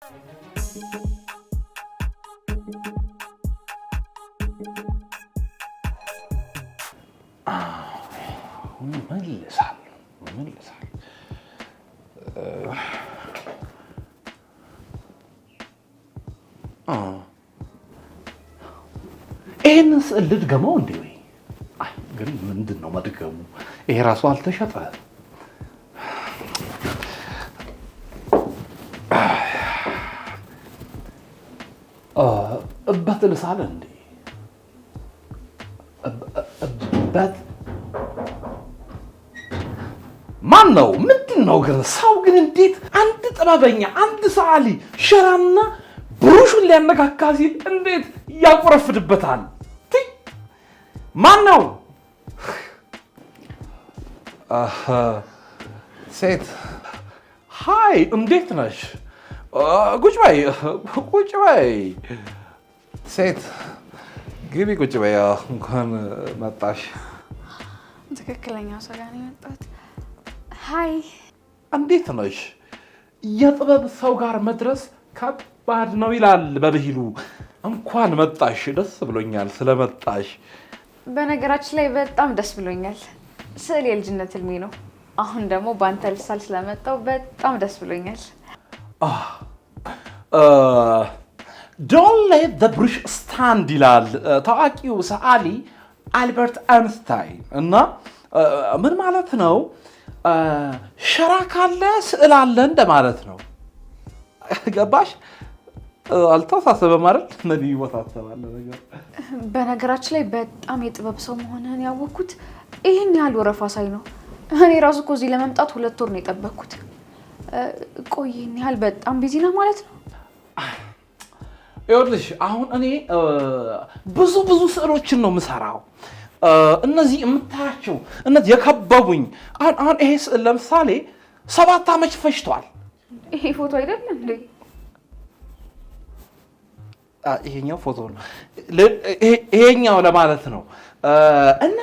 እመልሳለሁ እመልሳለሁ። ይህንን ስዕል ልድገመው እንዴ? ወይ ግን ምንድን ነው መድገሙ? ይሄ ራሱ አልተሸጠ ባት ልሳለ እንዴ በት ማን ነው? ምንድን ነው ግን? ሰው ግን እንዴት አንድ ጥበበኛ አንድ ሰዓሊ ሸራና ብሩሹን ሊያነካካ ሲል እንዴት ያቆረፍድበታል? ማን ነው? ሴት ሀይ፣ እንዴት ነሽ? ቁጭ በይ ቁጭ በይ ሴት ግቢ ቁጭ በያ። እንኳን መጣሽ። ትክክለኛው ሰው ጋር ነው የመጣሁት። ሀይ፣ እንዴት ነሽ? የጥበብ ሰው ጋር መድረስ ከባድ ነው ይላል በብሂሉ። እንኳን መጣሽ። ደስ ብሎኛል ስለመጣሽ። በነገራችን ላይ በጣም ደስ ብሎኛል። ስዕል የልጅነት ህልሜ ነው። አሁን ደግሞ በአንተ ልሳል ስለመጣው በጣም ደስ ብሎኛል። ዶን ሌት ዘ ብሪሽ ስታንድ ይላል ታዋቂው ሰዓሊ አልበርት አንስታይን። እና ምን ማለት ነው? ሸራ ካለ ስዕል አለ እንደማለት ነው። ገባሽ? አልተወሳሰበ ማለት እነዚህ ይወሳሰባል ነገር። በነገራችን ላይ በጣም የጥበብ ሰው መሆንህን ያወቅኩት ይህን ያህል ወረፋ ሳይ ነው። እኔ ራሱ እኮ እዚህ ለመምጣት ሁለት ወር ነው የጠበቅኩት። ቆይ ይህን ያህል በጣም ቢዚ ነህ ማለት ነው? ይኸውልሽ አሁን እኔ ብዙ ብዙ ስዕሎችን ነው የምሰራው። እነዚህ የምታያቸው እነዚህ የከበቡኝ አሁን ይሄ ስዕል ለምሳሌ ሰባት ዓመት ፈጅቷል። ይሄ ፎቶ አይደለም እንዴ? ይሄኛው ፎቶ ነው። ይሄኛው ለማለት ነው። እና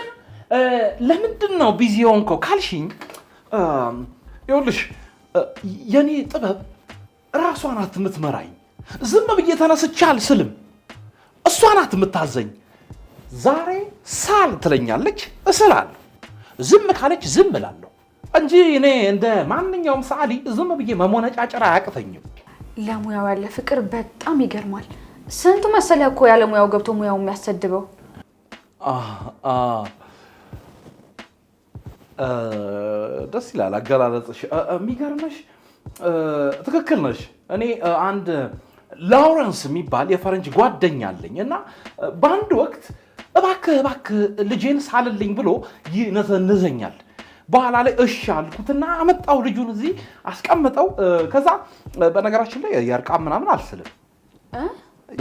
ለምንድን ነው ቢዚ ሆንከው ካልሽኝ፣ ይኸውልሽ የእኔ ጥበብ ራሷ ናት የምትመራኝ ዝም ብዬ ተነስቼ አልስልም። እሷ ናት የምታዘኝ። ዛሬ ሳል ትለኛለች፣ እስላለሁ። ዝም ካለች ዝም እላለሁ እንጂ እኔ እንደ ማንኛውም ሰዓሊ ዝም ብዬ መሞነጫጨር አያቅተኝም። ለሙያው ያለ ፍቅር በጣም ይገርማል። ስንቱ መሰለ እኮ ያለ ሙያው ገብቶ ሙያው የሚያሰድበው። ደስ ይላል አገላለጽሽ። የሚገርምሽ ትክክል ነሽ። እኔ አንድ ላውረንስ የሚባል የፈረንጅ ጓደኛ አለኝ እና በአንድ ወቅት እባክህ እባክህ ልጄን ሳልልኝ ብሎ ይነዘንዘኛል። በኋላ ላይ እሺ አልኩትና አመጣው ልጁን እዚህ አስቀምጠው። ከዛ በነገራችን ላይ የእርቃን ምናምን አልስልም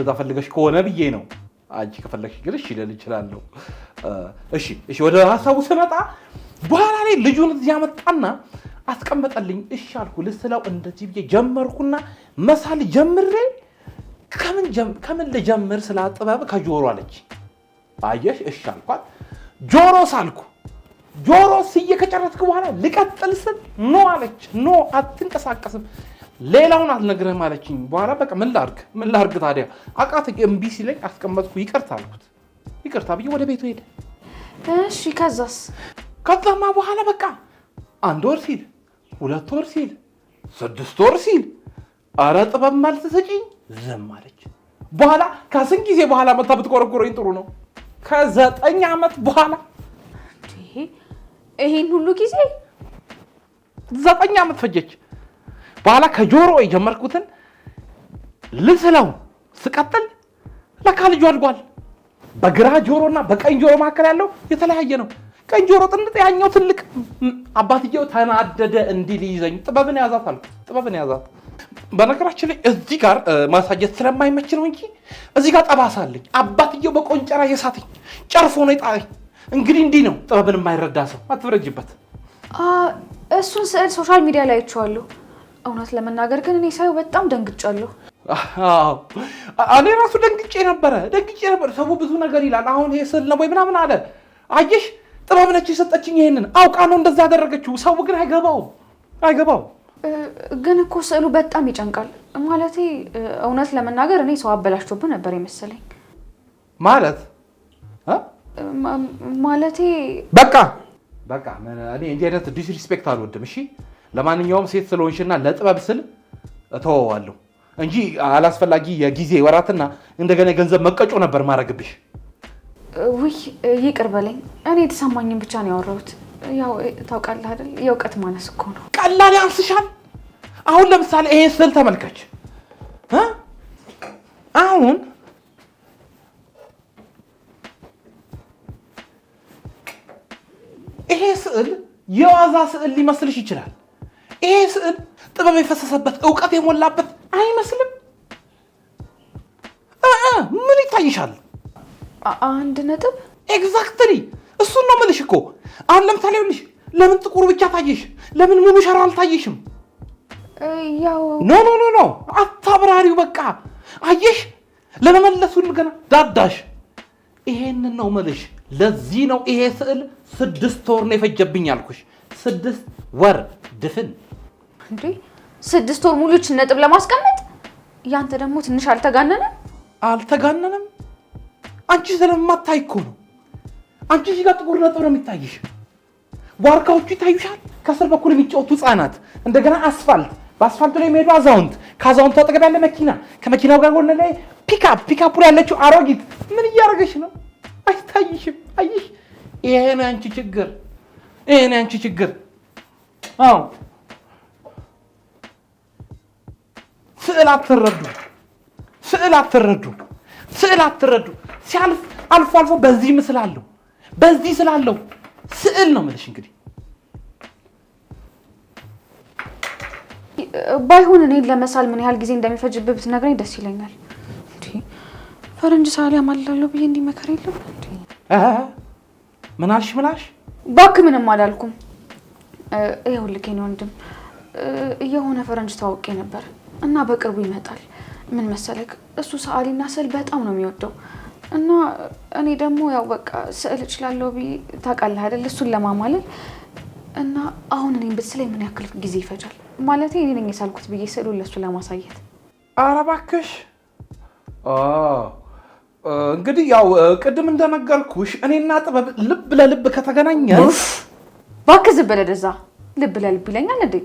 እዛ ፈልገሽ ከሆነ ብዬ ነው። አንቺ ከፈለግሽ ግን እሺ ልል እችላለሁ። እሺ እሺ፣ ወደ ሀሳቡ ስመጣ በኋላ ላይ ልጁን እዚህ ያመጣና አስቀመጠልኝ። እሺ አልኩ። ልስለው እንደዚህ ብዬ ጀመርኩና መሳል ጀምሬ ከምን ልጀምር ስላ ጥበብ ከጆሮ አለች። አየሽ? እሺ አልኳት። ጆሮ ሳልኩ ጆሮ ስዬ ከጨረስክ በኋላ ልቀጥል ስል ኖ አለች። ኖ አትንቀሳቀስም፣ ሌላውን አልነግርህም አለችኝ። በኋላ በቃ ምን ላድርግ ምን ላድርግ ታዲያ አቃት። እምቢ ሲለኝ አስቀመጥኩ። ይቅርታ አልኩት። ይቅርታ ብዬ ወደ ቤቱ ሄደ። እሺ ከዛስ? ከዛማ በኋላ በቃ አንድ ወር ሲል ሁለት ወር ሲል ስድስት ወር ሲል አረ ጥበብ አልተሰጪኝ ዝም አለች። በኋላ ከስንት ጊዜ በኋላ መታ ብትቆረቁረኝ ጥሩ ነው። ከዘጠኝ ዓመት በኋላ ይሄን ሁሉ ጊዜ ዘጠኝ ዓመት ፈጀች። በኋላ ከጆሮ የጀመርኩትን ልስለው ስቀጥል ለካ ልጁ አድጓል። በግራ ጆሮና በቀኝ ጆሮ መካከል ያለው የተለያየ ነው። ቀይ ጆሮ ጥንጥ ያኛው ትልቅ አባትየው ተናደደ እንዲል ይዘኝ ጥበብን ያዛታል። ጥበብን ያዛት። በነገራችን ላይ እዚህ ጋር ማሳየት ስለማይመች ነው እንጂ እዚህ ጋር ጠባሳለኝ አባትየው በቆንጨራ የሳተኝ ጨርፎ ነው የጣለኝ። እንግዲህ እንዲህ ነው ጥበብን የማይረዳ ሰው አትፍረጅበት። እሱን ስዕል ሶሻል ሚዲያ ላይ አይቼዋለሁ። እውነት ለመናገር ግን እኔ ሳየው በጣም ደንግጫለሁ። እኔ ራሱ ደንግጬ ነበረ ደንግጬ ነበር ሰው ብዙ ነገር ይላል። አሁን ይሄ ስዕል ነው ወይ ምናምን አለ። አየሽ ጥበብ ነች የሰጠችኝ። ይሄንን አውቃ ነው እንደዛ ያደረገችው። ሰው ግን አይገባውም አይገባውም። ግን እኮ ስዕሉ በጣም ይጨንቃል። ማለት እውነት ለመናገር እኔ ሰው አበላሽቶብህ ነበር የመሰለኝ። ማለት ማለቴ በቃ በቃ እኔ እንዲህ አይነት ዲስሪስፔክት አልወድም። እሺ ለማንኛውም ሴት ስለሆንሽና ለጥበብ ስል እተወዋለሁ እንጂ አላስፈላጊ የጊዜ ወራትና እንደገና የገንዘብ መቀጮ ነበር ማድረግብሽ። ውይ ይቅር በለኝ። እኔ የተሰማኝን ብቻ ነው ያወራሁት። ያው ታውቃለህ አይደል የእውቀት ማነስ እኮ ነው። ቀላል ያንስሻል። አሁን ለምሳሌ ይሄን ስል ተመልከች። አሁን ይሄ ስዕል የዋዛ ስዕል ሊመስልሽ ይችላል። ይሄ ስዕል ጥበብ የፈሰሰበት እውቀት የሞላበት አይመስልም። ምን ይታይሻል? አንድ ነጥብ ኤግዛክትሊ እሱን ነው የምልሽ እኮ አሁን ለምሳሌ ይኸውልሽ ለምን ጥቁር ብቻ ታየሽ ለምን ሙሉ ሸራ አልታየሽም ያው ኖ ኖ ኖ ኖ አታብራሪው በቃ አየሽ ለመመለስ ገና ዳዳሽ ይሄንን ነው የምልሽ ለዚህ ነው ይሄ ስዕል ስድስት ወር ነው የፈጀብኝ አልኩሽ ስድስት ወር ድፍን እንዴ ስድስት ወር ሙሉችን ነጥብ ለማስቀመጥ ያንተ ደግሞ ትንሽ አልተጋነነም አልተጋነንም አንቺ ስለማታይ እኮ ነው። አንቺ እዚህ ጋር ጥቁር ነጥብ ነው የሚታይሽ። ዋርካዎቹ ይታዩሻል። ከስር በኩል የሚጫወቱ ህጻናት፣ እንደገና አስፋልት፣ በአስፋልቱ ላይ የሚሄዱ አዛውንት፣ ከአዛውንቱ አጠገብ ያለ መኪና፣ ከመኪናው ጋር ጎን ላይ ፒካፕ፣ ፒካፑ ላይ ያለችው አሮጊት። ምን እያደረገች ነው? አይታይሽም። አይሽ፣ ይሄ አንቺ ችግር። ይሄ አንቺ ችግር። አዎ፣ ስዕል አትረዱ፣ ስዕል አትረዱ። ስዕል አትረዱ። ሲያልፍ አልፎ አልፎ በዚህ ምስል አለው በዚህ ስላለው ስዕል ነው የምልሽ። እንግዲህ ባይሆን እኔን ለመሳል ምን ያህል ጊዜ እንደሚፈጅብህ ብትነግረኝ ደስ ይለኛል። ፈረንጅ ሳሊ ማላለው ብዬ እንዲመከር የለም። ምን አልሽ? ምን አልሽ? እባክህ ምንም አላልኩም። ይኸውልህ ወንድም የሆነ ፈረንጅ ታውቄ ነበር እና በቅርቡ ይመጣል ምን መሰለክ እሱ ሰዓሊና ስዕል በጣም ነው የሚወደው እና እኔ ደግሞ ያው በቃ ስዕል እችላለሁ ብዬ ታውቃለህ አይደል? እሱን ለማማለል እና አሁን እኔም ብትስለኝ ምን ያክል ጊዜ ይፈጃል? ማለት እኔ ነኝ የሳልኩት ብዬ ስዕሉን ለእሱ ለማሳየት። ኧረ እባክሽ እንግዲህ ያው ቅድም እንደነገርኩሽ እኔና ጥበብ ልብ ለልብ ከተገናኘ እባክህ ዝም በለ ደዛ። ልብ ለልብ ይለኛል እንዴ?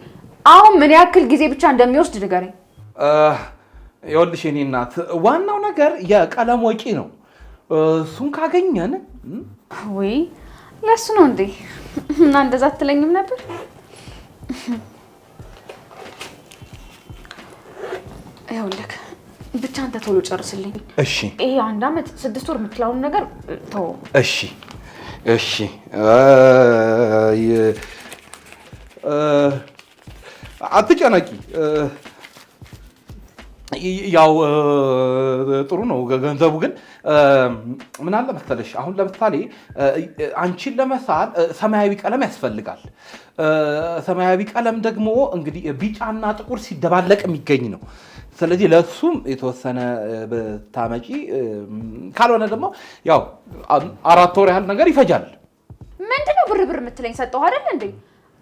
አሁን ምን ያክል ጊዜ ብቻ እንደሚወስድ ንገረኝ። ይኸውልሽ የእኔ እናት ዋናው ነገር የቀለም ወጪ ነው። እሱን ካገኘን ወይ ለሱ ነው እንዴ? እና እንደዛ አትለኝም ነበር? ይኸውልህ ብቻ አንተ ቶሎ ጨርስልኝ እሺ። ይሄ አንድ አመት ስድስት ወር የምትለውን ነገር እሺ አትጨነቂ። ያው ጥሩ ነው ገንዘቡ ግን ምን አለ መሰለሽ፣ አሁን ለምሳሌ አንቺን ለመሳል ሰማያዊ ቀለም ያስፈልጋል። ሰማያዊ ቀለም ደግሞ እንግዲህ ቢጫና ጥቁር ሲደባለቅ የሚገኝ ነው። ስለዚህ ለእሱም የተወሰነ ብታመጪ፣ ካልሆነ ደግሞ ያው አራት ወር ያህል ነገር ይፈጃል። ምንድነው ብርብር የምትለኝ? ሰጠው አይደል እንዴ?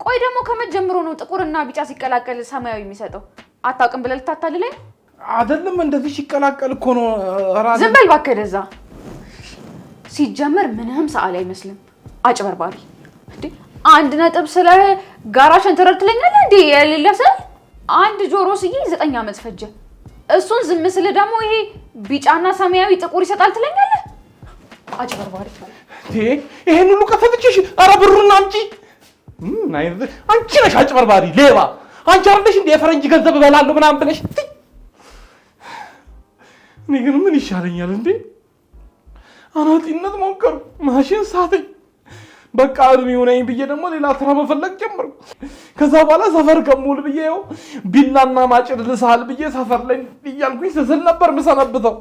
ቆይ ደግሞ ከመጀመሩ ነው ጥቁርና ቢጫ ሲቀላቀል ሰማያዊ የሚሰጠው? አታውቅም ብለህ ልታታልለኝ አይደለም እንደዚህ ሲቀላቀል እኮ ነው። ዝም በል እባክህ ወደዛ። ሲጀመር ምንም ሰዓል አይመስልም። አጭበርባሪ አንድ ነጥብ ስለ ጋራሽን ተረድትለኛለህ እንዴ? የሌለ ስል አንድ ጆሮ ስዬ ዘጠኝ ዓመት ፈጀ። እሱን ዝም ስል ደግሞ ይሄ ቢጫና ሰማያዊ ጥቁር ይሰጣል ትለኛለህ። አጭበርባሪ ይሄን ሁሉ ከፈትችሽ። ኧረ ብሩን አምጪ። አንቺ ነሽ አጭበርባሪ ሌባ። አንቺ አለሽ እንደ የፈረንጅ ገንዘብ እበላለሁ ምናምን ብለሽ እኔ ግን ምን ይሻለኛል እንዴ? አናጢነት ሞከሩ፣ ማሽን ሳተኝ። በቃ እድሜ ሆነኝ ብዬ ደግሞ ሌላ ስራ መፈለግ ጀመርኩ። ከዛ በኋላ ሰፈር ከሙል ብዬ ው ቢላና ማጭድ ልሳል ብዬ ሰፈር ላይ እያልኩኝ ስስል ነበር ምሰነብተው።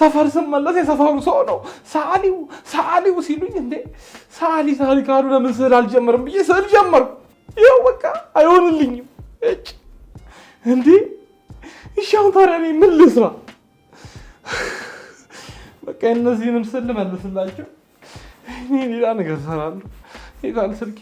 ሰፈር ስመለስ የሰፈሩ ሰው ነው ሳሊው ሳሊው ሲሉኝ፣ እንዴ ሳሊ ሳሊ ካሉ ለምን ስዕል አልጀምርም ብዬ ስዕል ጀመርኩ። ይኸው በቃ አይሆንልኝም። እጭ እንዴ! እሺ ታዲያ እኔ ምን ልስራ? በቃ እነዚህንም ስል መልስላቸው ሌላ ነገር እሰራለሁ። ይላል ስልኬ